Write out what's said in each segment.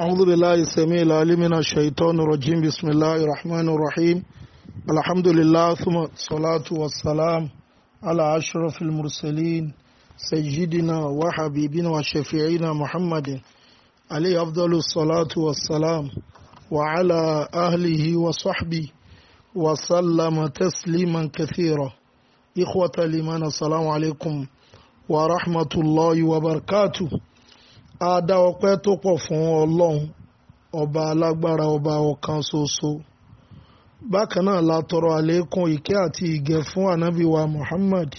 أعوذ بالله السميع العليم من الشيطان الرجيم بسم الله الرحمن الرحيم الحمد لله ثم الصلاة والسلام على أشرف المرسلين سيدنا وحبيبنا وشفيعنا محمد عليه أفضل الصلاة والسلام وعلى أهله وصحبه وسلم تسليما كثيرا إخوة لمن السلام عليكم ورحمة الله وبركاته Ada ọpẹ ọpẹ́ tó pọ̀ fún ọlọrun ọba alágbára ọba ọ̀kan ṣoṣo bákan náà la tọrọ àlékún ìké àti ìgẹ̀ fún ànábì wa Muhammad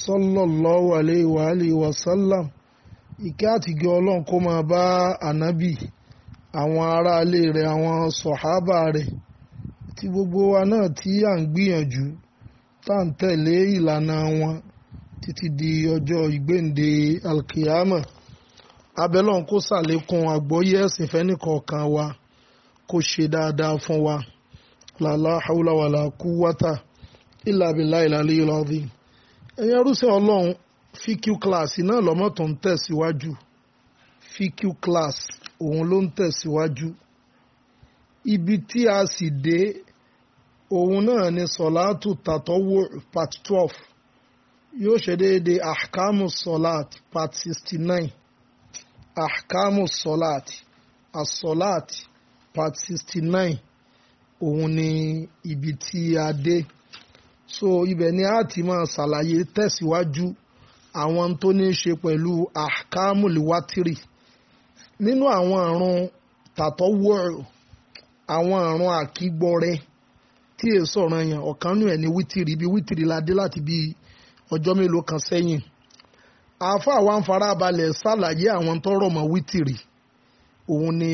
sallallahu alayhi wa alayhi wa sallam ìkẹ́ àti ìgẹ̀ ọlọ́run kó máa bá ànábì àwọn aráalé rẹ̀ àwọn sọ̀hábà rẹ̀ tí gbogbo wa náà tí à ń gbìyànjú tá à ń tẹ̀lé ìlànà wọn títí di ọjọ́ ìgbéǹde alkiyama. abẹ́lọ́n kó ṣàlékún àgbọ́yé ẹ̀sìn fẹ́nìkọ̀ọ̀kan wa kó ṣe dáadáa fún wa làlá haúláwàlà kú wátà ìlàbílà ìlàlẹ́ ìlọ́dí ẹ̀yin arúṣẹ́ ọlọ́run fíkú kíláàsì náà lọ́mọ́ tó ń tẹ̀síwájú fíkú kíláàsì òun ló ń tẹ̀síwájú ibi tí a sì dé òun náà ni sọ̀láàtù tàtọ́wò part twelve yóò ṣe déédéé ahkamu sọ̀láàtù part sixty nine ahkamu solati asolati part sixty nine òun ni ibi tí a dé so ibẹ̀ ni a ti máa ṣàlàyé tẹ̀síwájú àwọn tó ní í ṣe pẹ̀lú ahkamu liwatiri nínú àwọn àrùn tàtọ́wọ́rọ̀ àwọn àrùn àkígbọ́rẹ́ tí èso ọ̀ràn yẹn ọ̀kan nù ẹ̀ ní wítìrì ibi wítìrì la dé láti bí ọjọ́ mélòó kan sẹ́yìn àáfàá wa ń farabalẹ̀ ṣàlàyé àwọn tọrọ mọ́ wítìrì òun ni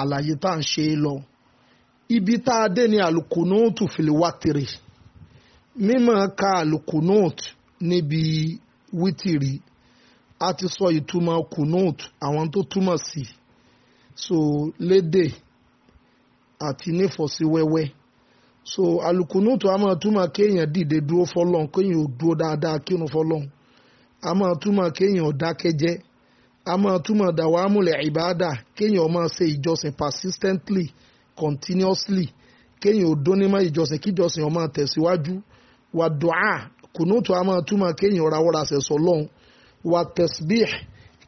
àlàyé tá à ń ṣe é lọ ibi tá a dé ni àlùkùnúùtù fìlè wátìrì mímọ̀ ka àlùkùnúùtù níbi wítìrì a ti sọ ìtumọ̀ kùnúùtù àwọn tó túmọ̀ sí so lédè àti nífọ̀sí wẹ́wẹ́ so àlùkùnúùtù a máa túmọ̀ kéèyàn dìde dúró fọlọ́n kéèyàn ò dúró dáadáa kírun fọlọ́n a máa túmọ̀ kéèyàn dákẹ́jẹ́ a máa túmọ̀ dàwámúlẹ̀ ìbáàdà kéèyàn máa ṣe ìjọsìn persistently continuously kéèyàn ò dónímọ̀ ìjọsìn kíjọsìn ó máa tẹ̀síwájú wà dùá kùnúùtù a máa túmọ̀ kéèyàn rawọ́ra sẹ̀sọ̀ lọ́hùn wà tẹ̀sbíh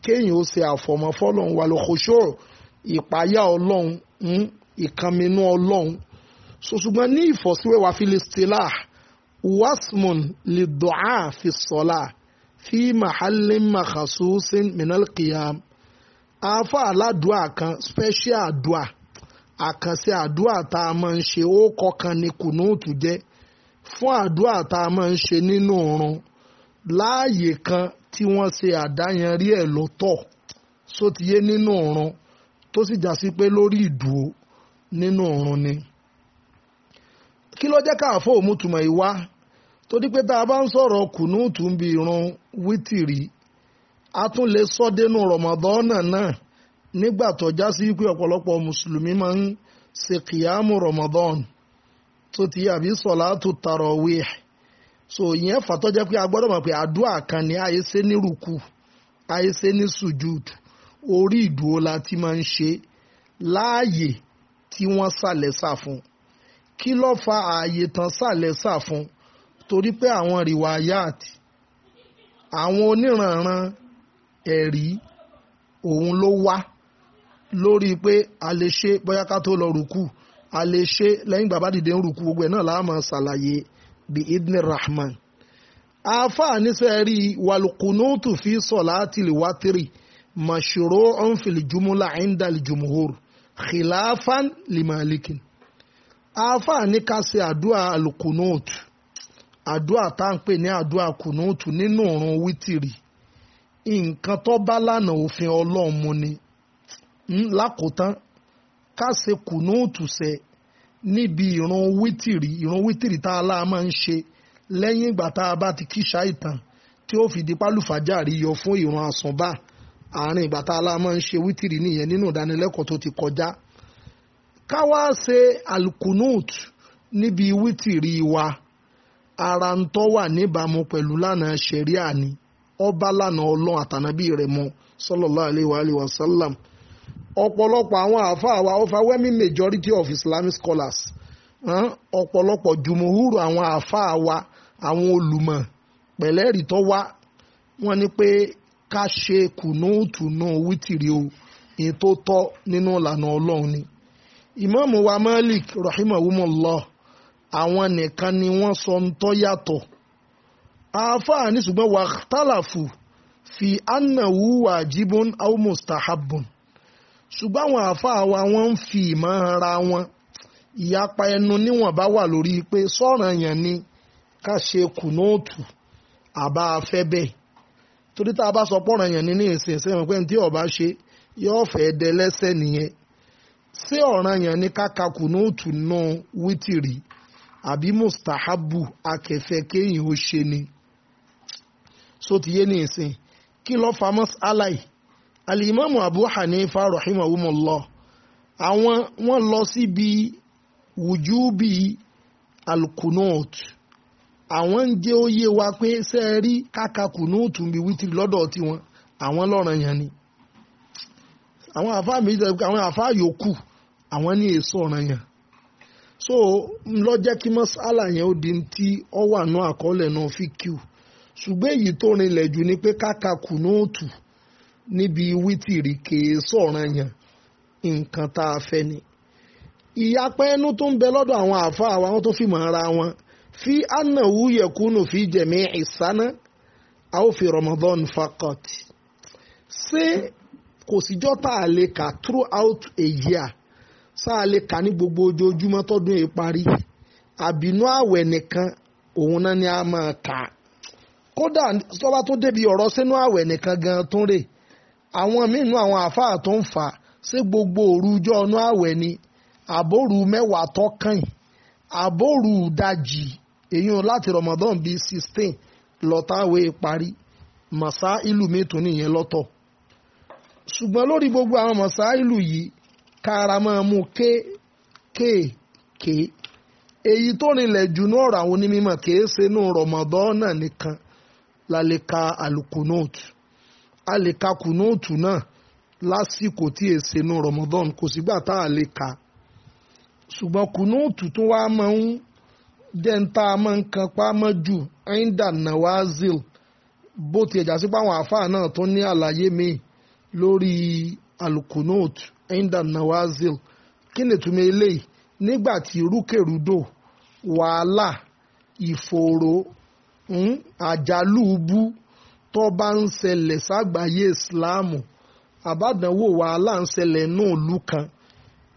kéèyàn ó ṣe àfọ̀mọ́ fọ́lọ́hùn wà lókòṣó ìpáyà ọlọ́hun hmm, ìkànnínú ọlọ́hun so ṣùgbọ́n ní ìfọ̀síwẹ́wà filistilah wasmun lidua fi sọ́la. So fi mahallin makhasusin minal qiyam afa aladua kan special àdùá àkànṣe adua tá a máa ń ṣe ó kọkàn ní kùnúùtù jẹ́ fún àdúrà tá a máa ń ṣe nínú oorun láàyè kan tí wọ́n ṣe àdáyanrí ẹ̀ lọ́tọ̀ sótìyé nínú oorun tó sì já sí pé lórí ìdúró nínú oorun ni. kí ló jẹ́ káàfó òmùtùmọ̀ ìwá torí pé tá a bá ń sọ̀rọ̀ kùnúùtù ń bi irun wítìrì a tún lè sọ dénú rọmọdọ́nà náà nígbà tó já sí pé ọ̀pọ̀lọpọ̀ mùsùlùmí máa ń ṣe kìyàmù rọmọdọ́n tó ti àbí sọ̀látù tarawih so ìyẹn fàtọ́ jẹ́ pé a gbọ́dọ̀ mọ̀ pé àdúrà kan ní àyè ṣe ní rùkù àyè ṣe ní sùjúd orí ìdúró la ti máa ń ṣe láàyè tí wọ́n sàlẹ̀ sà fún kí ló fa ààyè tán sàlẹ̀ sà fún torí pé àwọn riwayat àwọn oníranran ẹ̀rí òun ló wá lórí pé a lè ṣe bóyá ká tó lọ rùkù a lè ṣe lẹ́yìn bàbá dìde ń rùkù gbogbo ẹ̀ náà láàmú ṣàlàyé bí idni rahman àáfàá níṣẹ́ rí wàlùkùnútù fi sọ̀láàtì lìwátìrì màṣúrò ọ̀nfìlì jùmúlà ẹ̀ńdàlì jùmùhùr khilafan limalikin àáfàá ní ká ṣe àdúrà àlùkùnútù àdúà tá à ń pè ní àdúà kùnúùtù nínú òrùn wítìrì nǹkan tó bá lànà òfin ọlọ́run mu ni lákòótán ká ṣe kùnúùtù ṣe níbi ìrun wítìrì ìrun wítìrì tá a lá máa ń ṣe lẹ́yìn ìgbà tá a bá ti kíṣà ìtàn tí ó fi di pálùfàjárì yọ fún ìrun àsùnbà àárín ìgbà tá a lá máa ń ṣe wítìrì nìyẹn nínú ìdánilẹ́kọ̀ọ́ tó ti kọjá ká wá ṣe alukunut níbi wítìrì wa ara ń tọ́ wà níbàámu pẹ̀lú lánàá ṣẹ̀ríà ni ọba lánàá ọlọ́run àtànábì rẹ̀ mọ́ sallallahu alayhi Ọpọlọpọ awọn ọ̀pọ̀lọpọ̀ àwọn majority of Islamic scholars ọ̀pọ̀lọpọ̀ jùmùhúrù àwọn àáfàá wa àwọn olùmọ̀ pẹ̀lẹ́rì tó wá wọ́n ní pé ká ṣe kùnúùtùnú wítìrì o ni wa Malik rahimahumullah àwọn nìkan ni wọ́n sọ ń tọ́ yàtọ̀ àáfàá ní ṣùgbọ́n wàtálàfù fi annahu wajibun aw mustahabun ṣùgbọ́n àwọn àáfàá wa wọ́n ń fi ìmọ̀ ara wọn ìyapa ẹnu níwọ̀n bá wà lórí pé sọ̀ranyàn ni ká ṣe kùnóòtù àbá afẹ́ bẹ́ẹ̀ torí tá a bá sọ pọ̀ranyàn ni ní ìsìn ìsìn ìpẹ́ tí ọba ṣe yóò fẹ́ dẹ lẹ́sẹ̀ nìyẹn ṣé ọ̀ranyàn ni ká ka kùnóòtù nù wítìrì àbí mustahabu akẹfẹ kéèyàn ó ṣe ni so ti yé ní ìsìn kí ló fa mas'ala yìí alimami abu hanifa rahimahumullah àwọn wọ́n lọ síbi wùjúbi alkunut àwọn ń jẹ́ òye wa pé ṣe é rí káka kunut mi wítìrì lọ́dọ̀ tiwọn àwọn lọ́ràn yẹn ni àwọn àfáà méjì yòókù àwọn ní èso ọ̀ràn yẹn so lọ́jẹ́ kí mọ́sálà yẹn ó di ti ọ wà ní àkọọ́lẹ̀ náà fi kíw ṣùgbọ́n èyí tó rinlẹ̀ jù ni pé káka kùnúùtù níbi wítìrì kèé sọ̀ràn yẹn nǹkan tá a fẹ́ ni. ìyapẹ́ ẹnu tó ń bẹ lọ́dọ̀ àwọn àáfàá wa wọ́n tó fi mọ̀ ara wọn fi anahu yẹkunu fi jẹ̀mí ìsáná a ó fi Ramadan fakọ̀tì ṣé kò síjọ́ tá a lè kà throughout a year sáà lè kà ní gbogbo ojoojúmọ́ tọ́dún yìí parí àbínú àwẹ̀ nìkan òun náà ni a máa kà kódà tọ́ba tó débi ọ̀rọ̀ sínú àwẹ̀ nìkan gan tó rè àwọn mínú àwọn àáfàá tó ń fà ṣé gbogbo òru ọ̀nà àwẹ̀ ni àbóru mẹ́wàá tọ́kàn àbóru ìdajì èyàn láti Ramadan bíi sixteen lọ́tàwé parí màsá ìlú mi tún nìyẹn lọ́tọ̀ ṣùgbọ́n lórí gbogbo àwọn màsá ìlú yìí kára máa mú kéékèèké èyí tó rinlẹ̀ jù ní ọ̀rọ̀ àwọn onímọ̀ kìí ṣe inú rọ̀mọ̀dán náà nìkan la lè ka alukunóòtù a lè ka kunóòtù náà lásìkò tí è ṣe inú rọ̀mọ̀dán kò sígbà tá a lè ka ṣùgbọ́n kunóòtù tó wá máa ń jẹ́ ń tá a máa ń kan pa mọ́ jù ainda nawazil bó ti ẹ̀jà sí pé àáfàá náà tó ní àlàyé mi lórí alukunóòtù inda nawazil kí ni ìtumọ̀ eléyìí nígbà tí rúkèrúdò wàhálà ìfòòró hmm, àjálù bú tó bá ń ṣẹlẹ̀ ságbàáyé ìsìláàmù àbádànwò wàhálà ń ṣẹlẹ̀ náà lù kan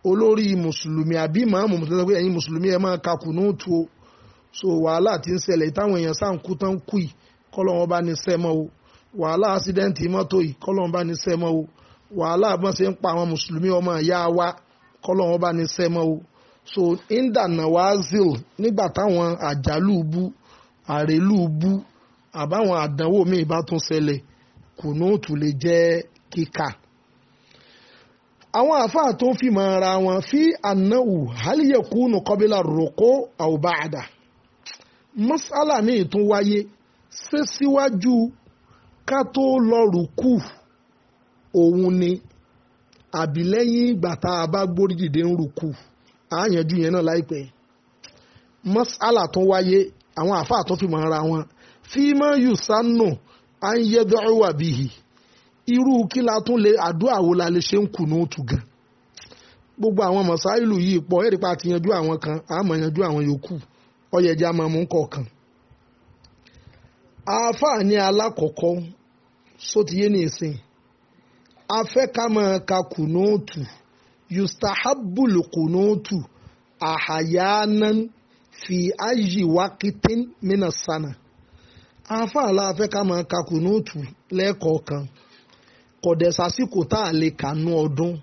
olórí mùsùlùmí àbí màámù mùsùlùmí pé ẹ̀yin mùsùlùmí ẹ máa kakù ní òtù o so wàhálà ti ń ṣẹlẹ̀ táwọn èèyàn sáà ń kú tán kú yìí kọ́lọ́wọ́n bá ní sẹ́mọ́ o wàhálà ásídẹ́ǹtì mọ́tò yìí kọ́lọ́wọ́n bá ní sẹ́mọ́ o wàhálà bọ́n ṣe ń pa àwọn mùsùlùmí ọmọ ìyá wa kọ́lọ́wọ́n bá ní sẹ́mọ́ o so indana wazil nígbà táwọn àjálù bú àrèlù bú àbáwọn àdánwò míì bá tún ṣẹlẹ̀ kò nóòtù lè jẹ́ kíkà àwọn àáfàá tó ń fi mọ ara wọn fi ànáwù hálíyẹ̀kú nù kọ́bílà ròkó àwòbáàdà mọ́sálà míì tún wáyé ṣé síwájú ká tó lọ rùkú. Si òun ni àbí lẹ́yìn ìgbà tá a bá gbórí dìde ń rúkú á yanjú yẹn náà láìpẹ́ mọ́sálà tó wáyé àwọn àáfàá tó fi mọ̀ ara wọn fíìmọ̀ yusanu à ń yẹ dọ́wà bíi irú kí la tún lè àdúrà wo la lè ṣe ń kùnú tù gan gbogbo àwọn mọ̀sáìlù yìí pọ̀ ẹ̀rí pa ti yanjú àwọn kan àmọ́ yanjú àwọn yòókù ọ̀yẹ̀jẹ̀ àmọ́ mú kọ̀ọ̀kan àáfàá ní alákọ̀ọ́kọ́ sótìyé ní ìsìn afẹ́ kama máa ka kùnóòtù yustahabul kùnóòtù àhàyánan fi aji wákìtín minasana afẹ́ ka kùnóòtù lẹ́ẹ̀kọ̀ọ̀kan kọ̀dẹ̀sásìkò tá a lè kànú ọdún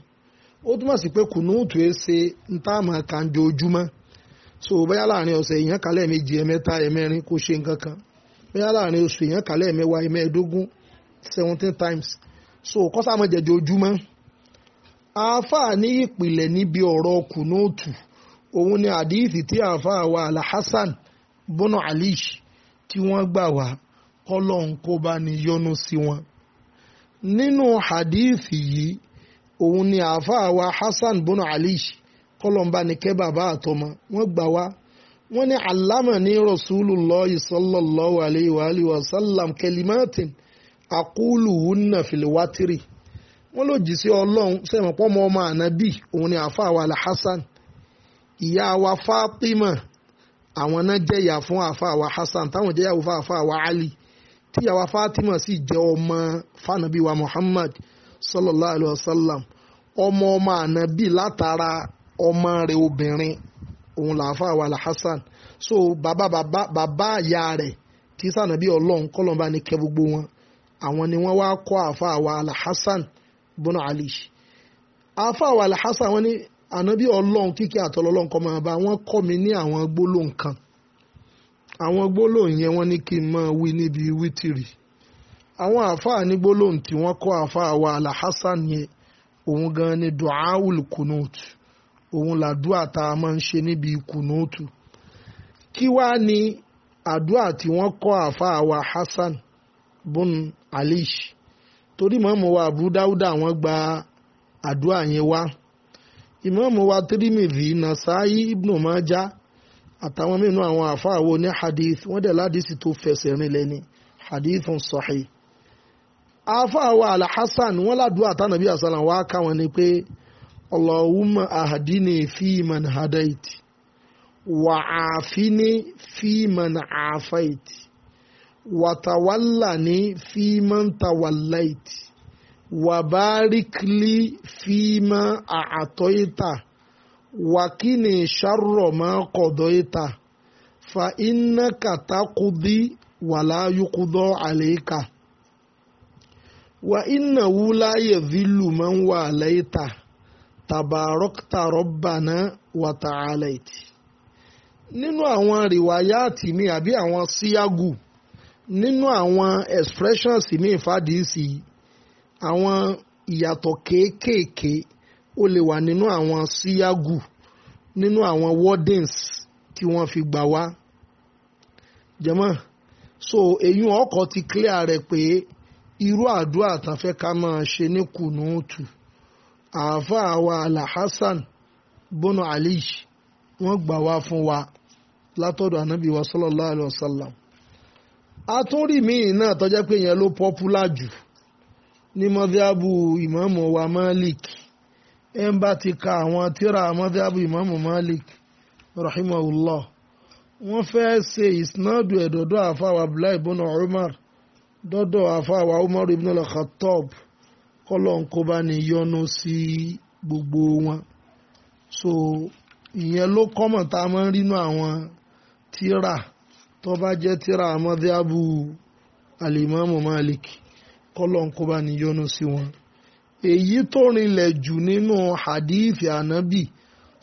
ó túmọ̀ sí pé kùnúùtù ẹ ṣe ń tá a máa so láàrin ọ̀sẹ̀ èèyàn ẹ̀mẹ́ta ẹ̀mẹ́rin kò ṣe nǹkan kan láàrin so kọ́sàmọ́ jẹjọ ojúmọ́ àáfàá ní ìpìlẹ̀ níbi ọ̀rọ̀ kùnóòtù òun ni àdíìsì tí àáfàá wa alhassan bono ali tí wọ́n gbà wá kọ́lọ́n kó bá ní sí wọn nínú àdíìsì yìí òun ni àáfàá wa hassan bono ali kọ́lọ́n bá ní kẹ́ bàbá àtọmọ wọ́n gbà wá wọ́n ní alámọ̀ ní rasulullah sallallahu alayhi wa sallam kẹlimatin àkúlù wúnà fìlíwátìrì wọ́n ló jì sí ọlọ́run sẹ́yìn pọ́mọ ọmọ ànábì òun ni àáfàá wa alhassan ìyá wa fatima àwọn náà jẹ́yà fún àáfàá wa hassan táwọn jẹ́yà fún àáfàá wa ali tíyà wa fatima sì jẹ́ ọmọ fanabi wa muhammad sallallahu alayhi wa sallam ọmọ ọmọ ànábì látara ọmọ rẹ̀ obìnrin òun làáfàá wa alhassan so bàbá bàbá bàbá ìyá rẹ̀ kì í sànàbí ọlọ́run kọ́lọ́n bá ní gbogbo wọn àwọn ni wọ́n wá kọ́ àáfàá wa alhassan bùnà ali àáfàá wa alhassan wọ́n ní ànábì ọlọ́run kíkẹ́ àtọlọ́lọ́run kọ́ máa bá wọ́n kọ́ mi ní àwọn gbólóhùn kan àwọn gbólóhùn yẹn wọ́n ní kí n máa wí níbi wítìrì àwọn àáfàá ní gbólóhùn tí wọ́n kọ́ àáfàá wa alhassan yẹn òun gan ni duawul kunut òun làdúà tá a máa ń ṣe níbi kunut kí wàá ní àdúà tí wọ́n kọ́ àáfàá wa hassan bùnà alish torí mọ́mọ́ wa abu dáúdà wọ́n gba àdúrà yẹn wá ìmọ̀ọ́mù wa tirimidhi nasaayi ibnu maja àtàwọn mìíràn àwọn àfáà wo ní hadith wọ́n dẹ̀ ládìsí tó fẹsẹ̀ rinlẹ̀ ni hadith sahih àfáà wa alhassan wọ́n ládùúgbò àtànàbí àsàlà wa káwọn ni pé allahumma ahdini fi man hadait wa aafini fi man watawallani fiman tawallaiti wabarikli fima a'atoita wakini sharro ma kodoita fa innaka taqdi wala yuqdo alayka wa innahu la yadhillu man walaita tabarakta rabbana wa ta'alaiti nínú àwọn rìwáyáàtì mi àbí àwọn síyágù nínú àwọn expressions mi ìfàdíìsì àwọn ìyàtọ̀ kéékèèké ó lè wà nínú àwọn síyágù nínú àwọn wordings tí wọ́n fi gbà wá jẹ́mọ́ so èyí ọkọ̀ ti clear rẹ̀ pé irú àdúrà tàfẹ́ ká máa ṣe ní kùnúùtù àáfàá wa alhassan bono ali wọ́n gbà wá fún wa látọ̀dọ̀ ànábì wa sallallahu alayhi sallam atúnrí míì náà tọ́jẹ́ pé yẹn ló pọ́pùlà jù ní mọ́díábù ìmáàmù wa Malik ẹ̀ ń bá ti ka àwọn tíra mọ́díábù ìmáàmù Malik rahimahullah wọ́n fẹ́ ṣe ìsinádù ẹ̀dọ̀dọ̀ àfàwà Abdullahi ibn Umar dọ́dọ̀ àfàwà Umar ibn al-Khattab kọ́lọ́nkóbá ni yọ́nú sí gbogbo wọn so ìyẹn ló kọ́mọ̀ tá a máa ń rínú àwọn tíra tó bá jẹ́ tíra amadiabu alimami malik kọ́lọ́n ni bá ní yọ́nú sí wọn. èyí tó rinlẹ̀ jù nínú hadithi anabi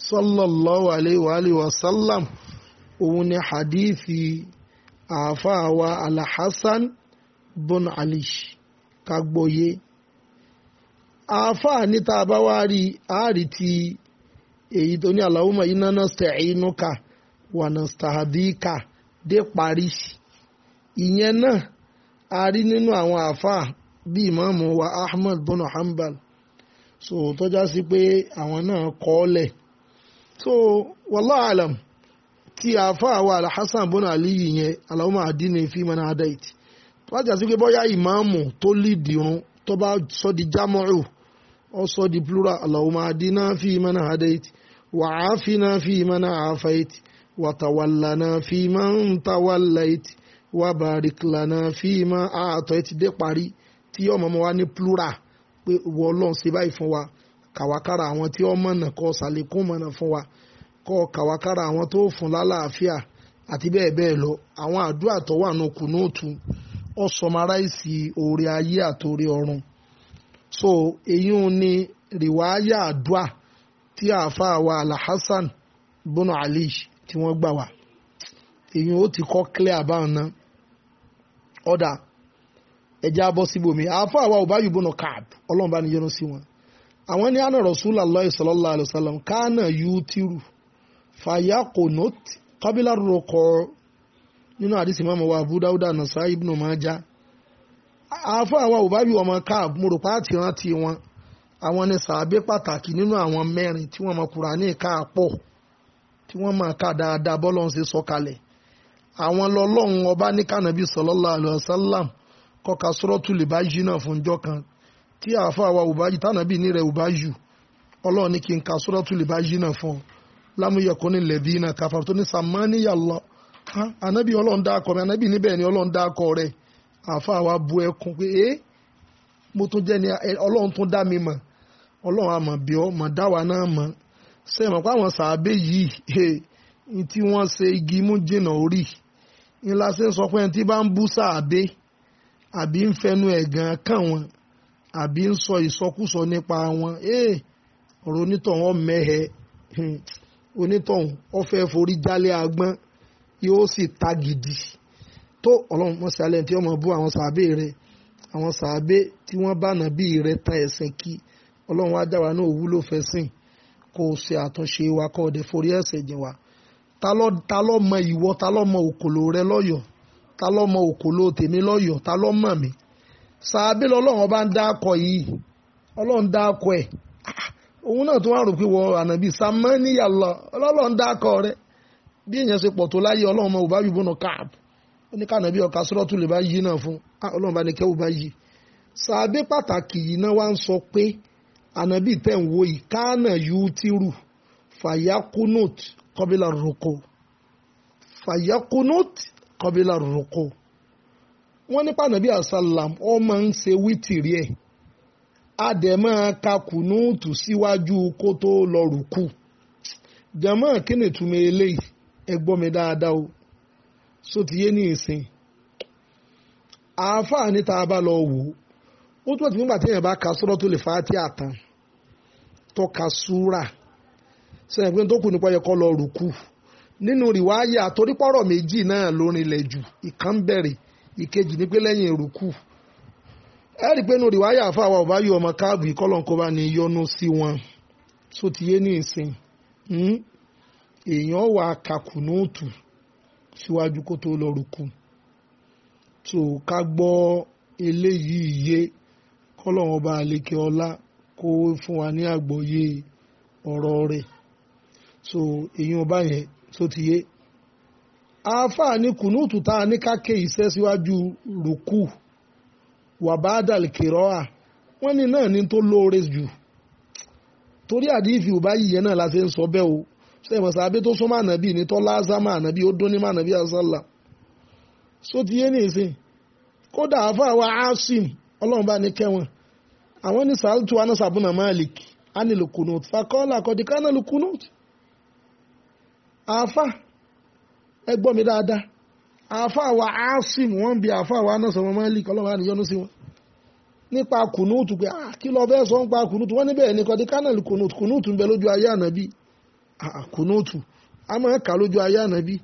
sallallahu alayhi wasallam. sallam òun ni hadithi àáfàá wa alhassan bon alish kagbóye àáfàá ní tá a bá wá rí àárí ti èyí tó ní Allahumma inna nasta'inuka wa nastahadika. dé Paris ìyẹn náà a rí nínú àwọn àáfàá bíi ìmáàmù wa ahmed bono Hanbal so tọ́já sí pé àwọn náà kọ́ lẹ̀ so wallahu alam tí àáfàá wa alhassan bono aliyu yẹn alahuma adini fi man adait wájà sí pé bóyá ìmáàmù tó lídìí run tó bá sọ di jámọ́rù ó sọ di plural Allahumma adina fi man adait wa'afina fi man afait. وتولنا فيما توليت وبارك لنا فيما أعطيت dé parí tí ọmọ ọmọ wa ní plural pé ìwọ ọlọ́run ṣe báyìí fún wa kàwákàrà àwọn tí ọmọ náà kọ ṣàlékún mọ̀nà fún wa kọ kàwákàrà àwọn tó fún lálàáfíà àti bẹ́ẹ̀ bẹ́ẹ̀ lọ àwọn àdúrà tó wà ní kùnúùtù ó sọmaráìsì oore ayé àtòrí ọ̀run so èyún ni rìwáyà àdúà tí àáfàá wa alhassan bono alish tí wọ́n gbà wá èyí ó ti kọ́ clear báwọn náà ọ̀dà ẹja bọ́ síbòmí àáfà àwa ò bá yìí bọ́nà káàb ọlọ́run bá ní yẹnu sí wọn àwọn ní àná rọ̀súlà lọ́ọ̀ sallallahu alaihi wasallam kánà yóò tìrù fàyà kò nọ́t kábílà rọ̀kọ̀ nínú àdìsí mọ́mọ́ wa Abu Dawud Nasai ibn Majah àáfà àwa ò bá yìí ọmọ káàb mo rò pa àti rántí wọn àwọn ní sàábé pàtàkì nínú àwọn mẹ́rin tí wọ́n mọ Kùránì káàpọ̀ tí wọ́n máa kà dáadáa bọ́lọ́n ṣe sọ àwọn lọ́lọ́run ọba ní kànábì sallallahu alaihi kọ́ka sọ́rọ́tù lè bá yí náà fún kan tí àáfà wa ò bá yí tànàbì ní rẹ̀ ò bá yù ọlọ́run ní kí n ka sọ́rọ́tù lè bá yí náà fún ọ lámúyẹ̀kọ́ ní lẹ́bí náà tó ní sàmánìyà lọ ànábì ọlọ́run ànábì níbẹ̀ ni ọlọ́run rẹ̀ àáfà wa bu pé mo ṣe mọ̀ pé àwọn sàábé yìí ní tí wọ́n ṣe igi mú jìnnà orí ní la ṣe ń sọ pé ẹni tí bá ń bú sàábé àbí ń fẹnu ẹ̀gàn kàn wọ́n àbí ń sọ ìsọkúsọ nípa wọn ọ̀rọ̀ onítọ̀hún mẹ́hẹ onítọ̀hún ọ̀fẹ́ forí jálẹ̀ agbọ́n yóò sì ta gidi tó ọlọ́run mọ̀ sí alẹ́ tí ọmọ bú àwọn sàábé rẹ̀ àwọn sàábé tí wọ́n bá nàbí rẹ̀ ta ẹ̀sìn kí ọlọ́run wá dá náà òwúlò fẹ́ sìn kó o ṣe àtúnṣe wa kó o dẹ̀ forí ẹ̀ṣẹ̀ jìn wá ta ló mọ ìwọ ta ló mọ òkòlò rẹ lọ́yọ̀ọ́ ta ló mọ òkòlò tèmi lọ́yọ̀ọ́ ta ló mọ̀ mí sàábé lọ́lọ́run ọba ń dá akọ yìí ọlọ́run dá akọ ẹ̀ ah, òun náà tó wá rò pé wọ ànàbí samaniya lọ ọlọ́run dá akọ rẹ bí èèyàn ṣe pọ̀ tó láyé ọlọ́run ọmọ òbá yìí bọ́nà káàbù ó ní kànàbí ọ̀ka sọ́rọ́tù lè bá yí náà fún ah, ọlọ́run bá ní kẹ́wù bá yí sàábé pàtàkì yìí náà wá ń sọ pé ànábì tẹ̀ ń wo ìkáànà yútírù fàyàkúnút kọ́bílà rúkọ fàyàkúnút kọ́bílà rúkọ wọ́n ní pànàbí àsálàm ó máa ń ṣe wítìrí ẹ̀ àdẹ̀mọ́ kakùnúùtù síwájú kó tó lọ rùkù jàmọ́ kíni túmọ̀ eléyìí ẹ gbọ́ mi dáadáa o só ní ìsìn àáfàá níta bá lọ wò ó ó túbọ̀ tí nígbà tí èèyàn bá ka Suratul Fatiha tán tó ka súrà sẹ́yìn pé tó kù nípa ẹ̀kọ́ lọ rùkù nínú rìwáyà torípọ̀rọ̀ méjì náà ló rinlẹ̀ jù ìkan bẹ̀rẹ̀ ìkejì ní pé lẹ́yìn rùkù ẹ rí i pé nínú rìwáyà àfàwà ọ̀bá yóò ọmọ káàbù ìkọlọ̀nkọba ni yọnu sí wọn tó ti yé ní ìsìn hmm? èèyàn wà kàkùnúùtù síwájú kó tó lọ rùkù tó ká gbọ́ eléyìí yé kọ́lọ́run ọba àlekè ọlá kó fún wa ní àgbọ́yé ọ̀rọ̀ rẹ̀ so èyí ọba yẹn tó ti yé àáfàá ní kùnúùtù tá a ní káké iṣẹ́ síwájú rùkù wàbádàl kìrọ́à wọ́n ní náà ní tó lóore jù torí àdífi òbá yìí yẹn náà la ṣe ń sọ bẹ́ẹ̀ o ṣe ìmọ̀ sàbí tó súnmọ́ ànábì ní tọ́lá ázámà ànábì ó dún ní mànábì àṣàlà só ti yé ní ìsìn kódà àáfàá wa asim ọlọ́run bá ní kẹ́wọ̀n àwọn ní sàálùtù anasa abúna malik anil kunut fakọ́lá àkọ́díkà anil kunut àáfà ẹ mi dáadáa àáfà wa asim wọ́n bi àáfà wa anasa ọmọ malik ọlọ́run bá níyọnu sí wọn nípa kùnúùtù pé ah, kí lọ fẹ́ sọ ń pa kùnúùtù wọ́n níbẹ̀ ní kọ́díkà anil kunut kùnúùtù ń bẹ lójú ayé ànábì kùnúùtù ah, ah, a máa kà lójú ayé ànábì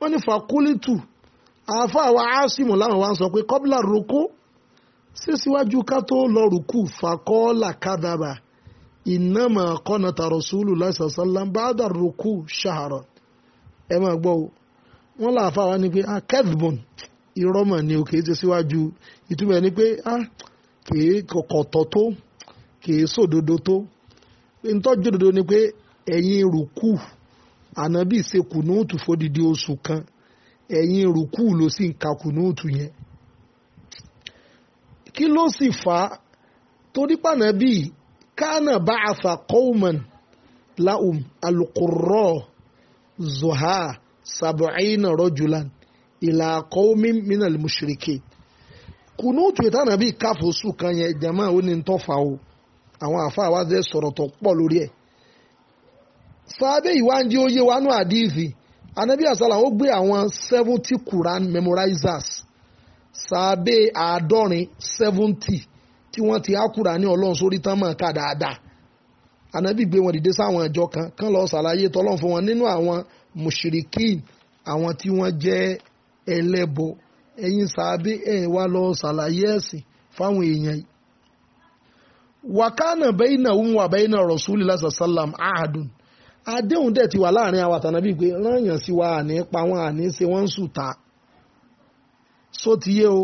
wọ́n ní fakulitu àáfà wa asim làwọn wa ń sọ pé kọ́bílà roko ṣé síwájú ká tó lọ rùkú fàkọ́ọ́là kádàbà ìnáma kọ́nàtà rọ̀ṣúlù lásàsálàm bá dà rùkú ṣàárọ̀ ẹ máa gbọ́ o wọ́n láàfà wá ní pé ah, kẹ́dùbọ̀n irọ́ mà ni o ṣe síwájú ìtumọ̀ pé ah, dodo ni pé ẹ̀yin ànábì ṣe kùnúùtù kan ẹ̀yin ló sì ń ka kùnúùtù kí ló sì fà á torí pànàbí kánà bá àfà kọ́ọ̀mọ̀n láhùn alùkùrọ̀ zuha sabu'ina rojulan ìlà kọ́ọ̀mí minal mushriki kùnúùtù ìtànàbí káfọ́sù kan yẹn jama ó ní tọ́fà o àwọn àfáà wa fẹ́ sọ̀rọ̀ tó pọ̀ lórí ẹ̀ sábẹ́ ìwádìí oyé wa àdìsí anabi asala ó gbé àwọn seventy Quran memorizers sàábé àádọ́rin seventy tí wọ́n ti ákùrà ní ọlọ́run sórí tán mọ̀ ká dáadáa ànábì gbé wọn dìde sáwọn ìjọ kan kán lọ sàlàyé tọlọ́run fún wọn nínú àwọn mùṣìríkì àwọn tí wọ́n jẹ́ ẹlẹ́bọ ẹ̀yin sàábé ẹ̀ wá lọ sàlàyé ẹ̀sìn fáwọn èèyàn yìí wàkánà bẹ́yìnà òun wà bẹ́yìnà rọ̀súlì lásà sálàm áhàdùn àdéhùn dẹ̀ ti wà láàrin àwọn àtànàbí pé rányàn sí wa àní pa wọn àní ṣe wọ́n ń sùta só ti yé o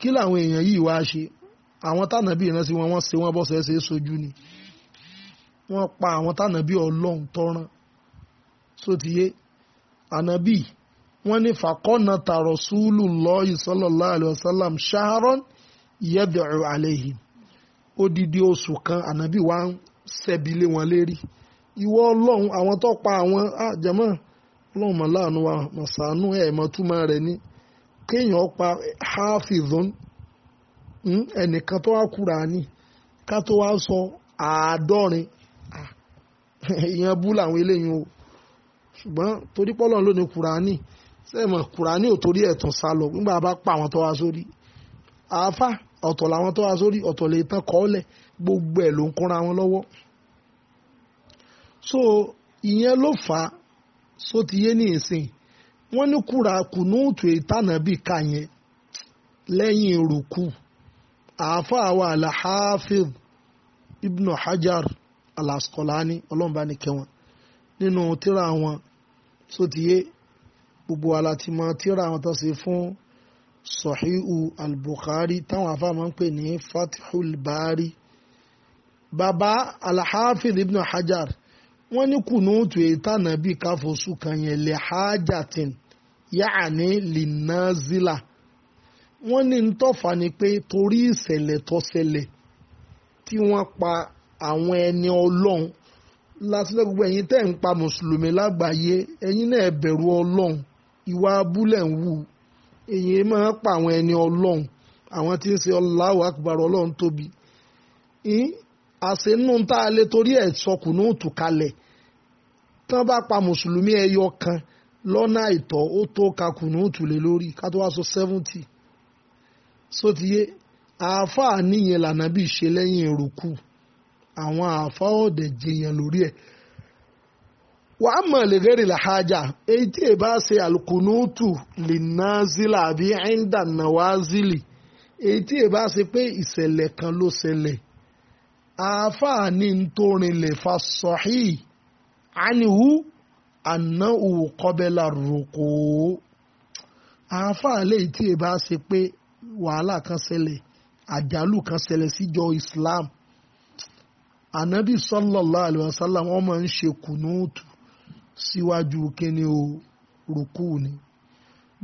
kí làwọn èèyàn yìí wá ṣe àwọn tànàbí ìrántí wọn wọ́n ṣe wọ́n bọ́sẹ̀ ṣe é sojú ni wọ́n pa àwọn tànàbí ọlọ́run tọ́rán só ti yé ànàbí wọ́n ní fàkọ́nà tààrọ̀ súúlù lọ́ọ̀yì sallallahu alaihi wasallam ṣaharon yẹ́dẹ̀rù àlẹ́yìn odidi oṣù kan ànàbí wa ń ṣẹ́bi lé wọn lérí ìwọ ọlọ́run àwọn tó pa àwọn ah, àjẹmọ́ ọlọ́run màláàánú wa màsánú ẹ̀ mọ́túmọ́ rẹ̀ ní kéèyàn pa hafizun hmm, ẹnìkan tó wá Kùránì ká tó wá sọ àádọ́rin ìyẹn bú làwọn eléyìí o ṣùgbọ́n torí pọ́lọ́n ló ní Kùránì sẹ́ẹ̀mọ̀ Kùránì ò torí ẹ̀tàn sá lọ nígbà bá pa àwọn tó wá sórí àáfà ọ̀tọ̀ làwọn tó wá sórí ọ̀tọ̀ lè tán kọ́ọ́lẹ̀ gbogbo ẹ̀ ló ń kúnra wọn lọ́wọ́ so ìyẹn ló fà á ní ìsìn wọ́n ní kúra kùnúùtù ìtànàbì ká yẹn lẹ́yìn rúkú àáfàá wa alhafiz ibnu hajar alaskolani ọlọ́mọba ní kẹwọn nínú tíra wọn sótìyé gbogbo wa láti mọ tíra wọn tó ṣe fún sọ̀híù al-bukhari táwọn afá máa ń pè ní fatihul bari baba alhafiz ibnu hajar wọ́n ní kùnúùtù ìtànà bíi káfọ́sù kan yẹn lè hájàtìn yáàní lìnàzílà wọ́n ní ń tọ́fà ni pé torí ìṣẹ̀lẹ̀ tó ṣẹlẹ̀ tí wọ́n pa àwọn ẹni ọlọ́run lásìlẹ̀ gbogbo ẹ̀yin tẹ́ ń pa mùsùlùmí lágbàáyé ẹ̀yin náà bẹ̀rù ọlọ́run ìwà abúlẹ̀ ń wù èyí máa pa àwọn ẹni ọlọ́run àwọn tí ń ṣe Allahu akbar ọlọ́run tóbi àṣẹ nù tá a lè torí ẹ̀ sọkùnú tù kalẹ̀ tán bá pa mùsùlùmí ẹyọ kan lọ́nà àìtọ́ ó tó ka tù lé lórí ká tó wá sọ seventy sotiye àáfàá níyẹn lànàbí ṣe lẹ́yìn rúkú àwọn àáfàá ọ̀dẹ̀ jẹyàn lórí ẹ̀ wà á mọ̀ lè rẹ́rìn làhájà èyí tí èbá ṣe àlùkùnútù lè ná zílà àbí ẹ̀ńdà náwá zílì èyí tí èbá ṣe pé ìṣẹ̀lẹ̀ kan ló ṣẹlẹ̀ àáfàá ní ntórinlẹ̀ fasọ̀hí ànihu ànáwó kọ́bẹ́là rúkú àáfàá léyìí tí èèbá pe pé wàhálà kan sele ajalu kan sele síjọ Islam Anabi sallallahu alaihi wasallam wọ́n máa n se kùnúùtù síwájú kíni o rúkú ni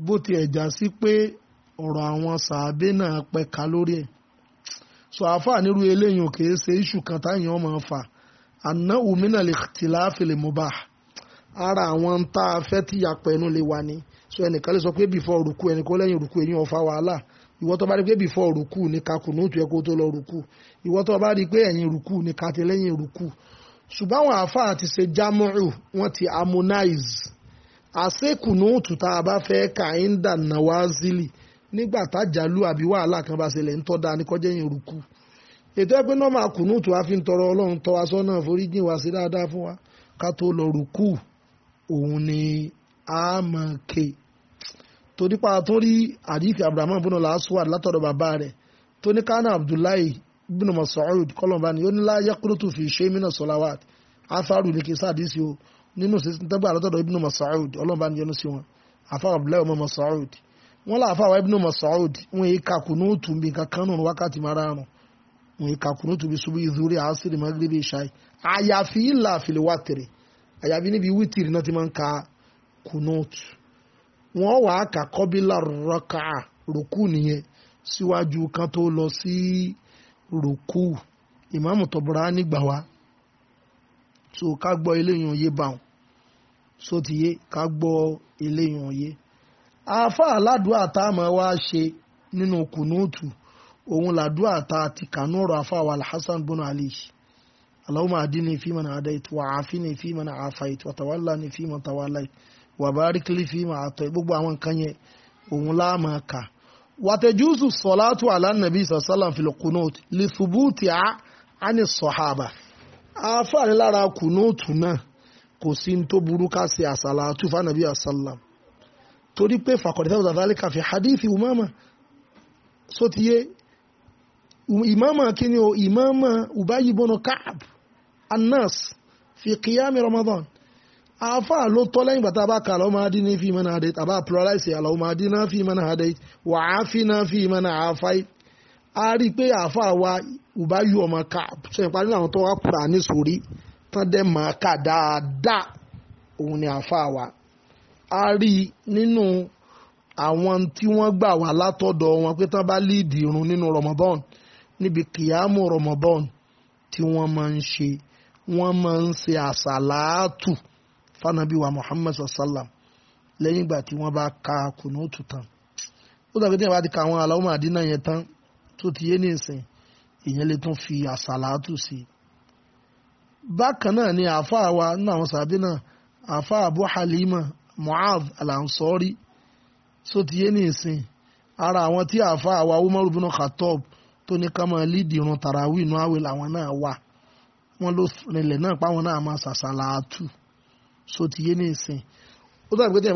bó ti ẹ̀já sí pé ọ̀rọ̀ àwọn sàábé náà pẹ̀ka kalori. ẹ̀ so àáfàá nírú eléyìí kì í ṣe iṣu kan táyàn máa fà àná òmìnà lè tìlà àfẹlẹ mọ bá ara àwọn tá a fẹ́ tí yàpọ̀ ẹnu lè wà ní so ẹnìkan lè sọ pé bìfọ̀ òrùkù ẹnì kó lẹ́yìn òrùkù ẹ̀yìn ọ̀fà wàhálà ìwọ tó bá rí pé bìfọ̀ òrùkù ní kakùnú tó yẹ kó tó lọ òrùkù ìwọ tó bá rí pé ẹ̀yìn òrùkù ní kàtẹ́ lẹ́yìn òrùkù ṣùgbọ́n àwọn àáfàá ṣe jámọ́rù wọ́n ti harmonize àṣekùnú tùtà bá fẹ́ kà ń nígbà tájàlú àbí wàhálà kan bá ṣẹlẹ̀ ń tọ́ da ní kọjá yẹn rúkú ètò ẹgbẹ́ náà máa kùnú tó a fi ń tọrọ ọlọ́run tọ́ wa sọ́nà foríjìn wa sí dáadáa fún wa ká tó lọ rúkú òun ni a mọ̀ ké torí pa tó rí àdìkì abrahamu bùnà làásùwà látọ̀dọ̀ bàbá rẹ̀ tó ní kánà abdullahi bùnà masoud kọlọ̀mbá ni ó ní láyé kúròtù fi ṣe mí náà sọ̀làwàt afárù ní kí sáàdìsí o nínú sísìn tẹ́gbà látọ̀dọ̀ ibùnà masoud ọlọ́mbá ni yẹnu sí wọn afárù abdullahi ọmọ masoud wọ́n láàfà wa ibnu Mas'ud wọ́n yìí ka kùnúùtù bí kankan nù wákàtí márùn wọ́n yìí ka kùnúùtù bí subú ìdúrí àásìrì magrebi ṣáì àyàfi ìlà àfìlẹ̀ wátìrì àyàfi níbi wítìrì náà ti máa ń ka kùnúùtù wọ́n wàá kà kọ́bílà rọ́kà rùkú nìyẹn síwájú kan tó lọ sí rùkú ìmáàmù tọ̀bùrà nígbà wa so ká gbọ́ eléyìí òye báwọn so ti yé ká gbọ́ eléyìí òye. Afa aládùúà tá a máa wá ṣe nínú kùnúùtù òun làdùúà tá a ti kànú ọ̀rọ̀ àáfà wa alhassan bùnú ali allahumma adini fi man adait wa afini fi man afait wa tawallani fi man tawallait wa barik li fi man atait gbogbo àwọn nǹkan yẹn òun la máa kà wàtẹ̀júsù sọ̀látù alánàbí sàlám fil kùnúùtù lè ṣubúùtì á á ní sọ̀hábà àáfà ni lára kùnúùtù náà kò sí ní tó burú ká ṣe àsàlátù fánàbí àsàlám torí pé fàkọ̀dẹ́sẹ̀ zazalika fi hadithi umama so ti yé ìmáàmà um, kíni o ìmáàmà Ubayy ibn Ka'b annas fi qiyami Ramadan afa ló tọ́ lẹ́yìn gbàtà bá kà lọ́mọ adí ní fi man hadait àbá pluralize àlọ́mọ adí náà fi man hadait wà á fi náà fi man afait a rí pé àfa wa Ubayy ọmọ Ka'b ṣe ìparí náà tó wá kúrò àní sórí tán dẹ́ máa kà dáadáa òun ni àfa wa a rí nínú àwọn tí wọ́n gbà wá látọ̀dọ̀ wọn pé tán bá líìdì irun nínú Ramadan níbi kìámù Ramadan tí wọ́n máa ń ṣe wọ́n máa ń ṣe àṣàláàtù fanabi wa Muhammad sallam lẹ́yìn ìgbà tí wọ́n bá ka kùnúùtù tán ó dàbí tí wọ́n bá ti ka àwọn aláwọ̀ àdínà yẹn tán tó ti yé ní ìyẹn lè tún fi àṣàláàtù sí i bákan náà ni àáfàá wa nínú àwọn sàbí náà àáfàá Abu Halima mu'adh alansori so ti yé ní ìsìn ara àwọn tí àáfàá àwa umar bin khatob tó ní ká máa lídìí irun tàràwí inú àwẹ̀ làwọn náà wà wọn ló rinlẹ̀ náà páwọn náà máa ṣàṣàlà àtù so ti yé ní ìsìn ó dàbí pé tí ẹ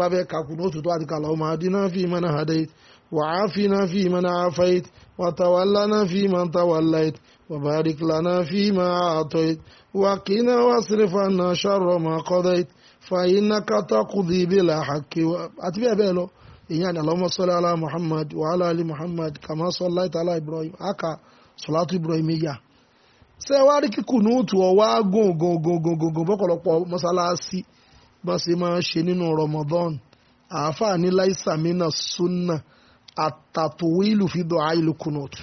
ní òtútù àti kàlọ́ ọmọ adínà fi mana hadait وعافنا فيمن عافيت وتولنا فيمن توليت وبارك لنا فيما أعطيت وقنا واصرف عنا شر ما قضيت fàyínà kátàkùdì bílà àkè àti bẹ́ẹ̀ bẹ́ẹ̀ lọ ìyẹn ni Allahumma salli ala Muhammad wa ala ali Muhammad kama sallaita ala Ibrahim aka salatu Ibrahim yá ṣé wàá rí kíkù ní òtù ọwá gògògògògògò bọ́kọ̀lọpọ̀ mọ́sálásí bá ṣe máa ṣe nínú Ramadan àáfàá ní láìsà mínà súnà àtàtúwìlù fi dọ̀ àìlù kùnùtù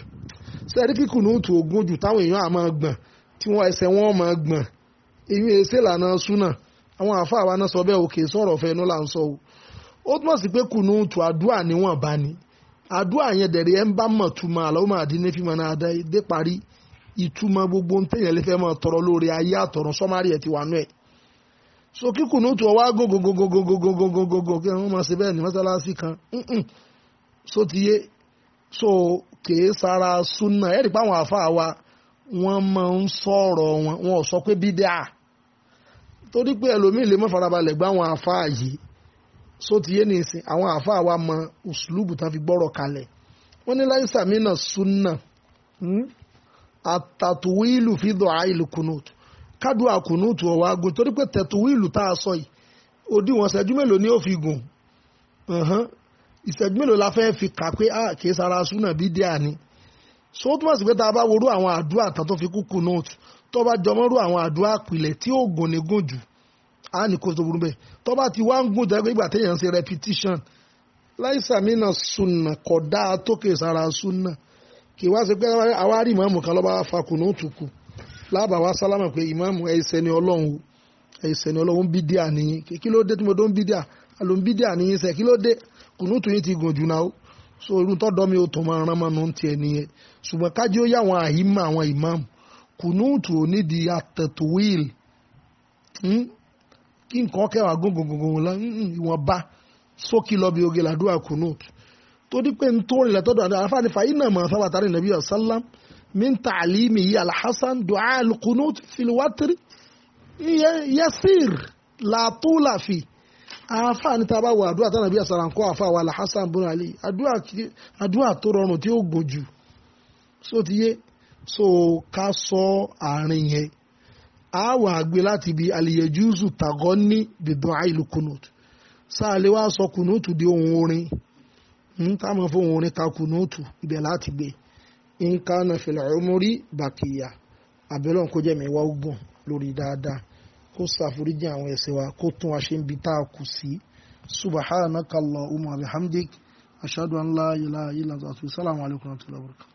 ṣé rí kíkù ní òtù ogún jù táwọn èèyàn á máa gbọ̀n tí wọ́n ẹsẹ̀ wọn máa gbọ̀n èyí ẹsẹ̀ lànà súnà àwọn àáfàá àwa náà sọ bẹ́ẹ̀ òkè sọ̀rọ̀ fẹ́ inú là ń sọ o ó túmọ̀ sí pé kùnúùtù àdúà níwọ̀n bá ni àdúà yẹn dẹ̀rẹ̀ ẹ̀ ń bá mọ̀ túmọ̀ àlọ́ máa dín ní ituma gbogbo ń tọrọ lórí ayé sọ́márì ẹ̀ ti so kí torí pé ẹlòmíì lè mọ́ farabalẹ̀ gbá àwọn àáfàá yìí só ti yé nìsín àwọn àáfàá wa mọ usulubu tán fi gbọ́rọ̀ kalẹ̀ wọ́n ní láì sàmínà súnà àtàtúwìlù hmm, fídọ̀ àìlù kùnúùtù kádùá kùnúùtù ọ̀wá gùn torí pé tẹ̀túwìlù tá a sọ yìí òdiwọ̀n ṣẹ́jú mélòó ni ó fi gùn ìṣẹ́jú mélòó la fẹ́ fi kà pé ah, kì sara súnà bídíà ni so ó túmọ̀ sí pé tá a bá worú tó bá jọmọ́rú àwọn àdúrà àpilẹ̀ tí oògùn ní gùn jù á ní kó tó burú bẹ́ẹ̀ tó bá ti wá ń gùn tó ìgbà téèyàn ṣe repetition láìsà mínà sunna kò dáa tókè sára sunna kì í wá sí pé àwa rí ìmáàmù kan lọ́ba fakùnà òtùkù lábàá wa sálámà pé ìmáàmù ẹ̀sẹ̀ ni ọlọ́run ẹ̀sẹ̀ ni ọlọ́run bídíà nìyí kí ló dé tí mo dó ń bídíà àlò ń bídíà nìyí sẹ́ kí ló dé kùnúùtù yìí ti gùn jù náà so irú tọ́dọ̀ mi ò tó máa rán mọ́ nù ń tiẹ̀ nìyẹn ṣùgbọ́n kájí ó yá àwọn àyímọ̀ àwọn ìmáàmù kùnúùtù ò nídìí àtẹ̀tùwíìl hmm? kí nǹkan kẹwàá gógógógó lọ hmm, hmm, ìwọ̀nba sókè lọ bí oge làdúrà kùnúùtù tó dí pé ń tó rìnlẹ̀ tọ́dọ̀ àdá àfáàní fàyínà mọ̀ sábàtàrí nàbí ọ̀sálàm min tàlímì yìí alhassan dùá alkùnúùtù fìlúwátírì yẹsìr làtúlàfì àfáàní tá a bá wọ àdúrà tá nàbí ọ̀sálàm kọ́ àfáà wà alhassan bùnà àlè àdúrà tó rọrùn tí ó gùn jù sótìyé. So, so ká sọ àárín yẹn a wà gbé láti ibi aliyejuzu tàgọ́ ní bìbọn àìlú kunut sáàlẹ̀ wá sọ kunutu di ohun orin ń táwọn fún orin ka kunutu ibẹ̀ láti gbé fìlà ọmọrí bàkìyà mi wá lórí dáadáa kó àwọn wa wa ṣe bi tá a kù sí subhanaka allahumma wa bihamdik ashhadu an la ilaha illa anta astaghfiruka alaykum wa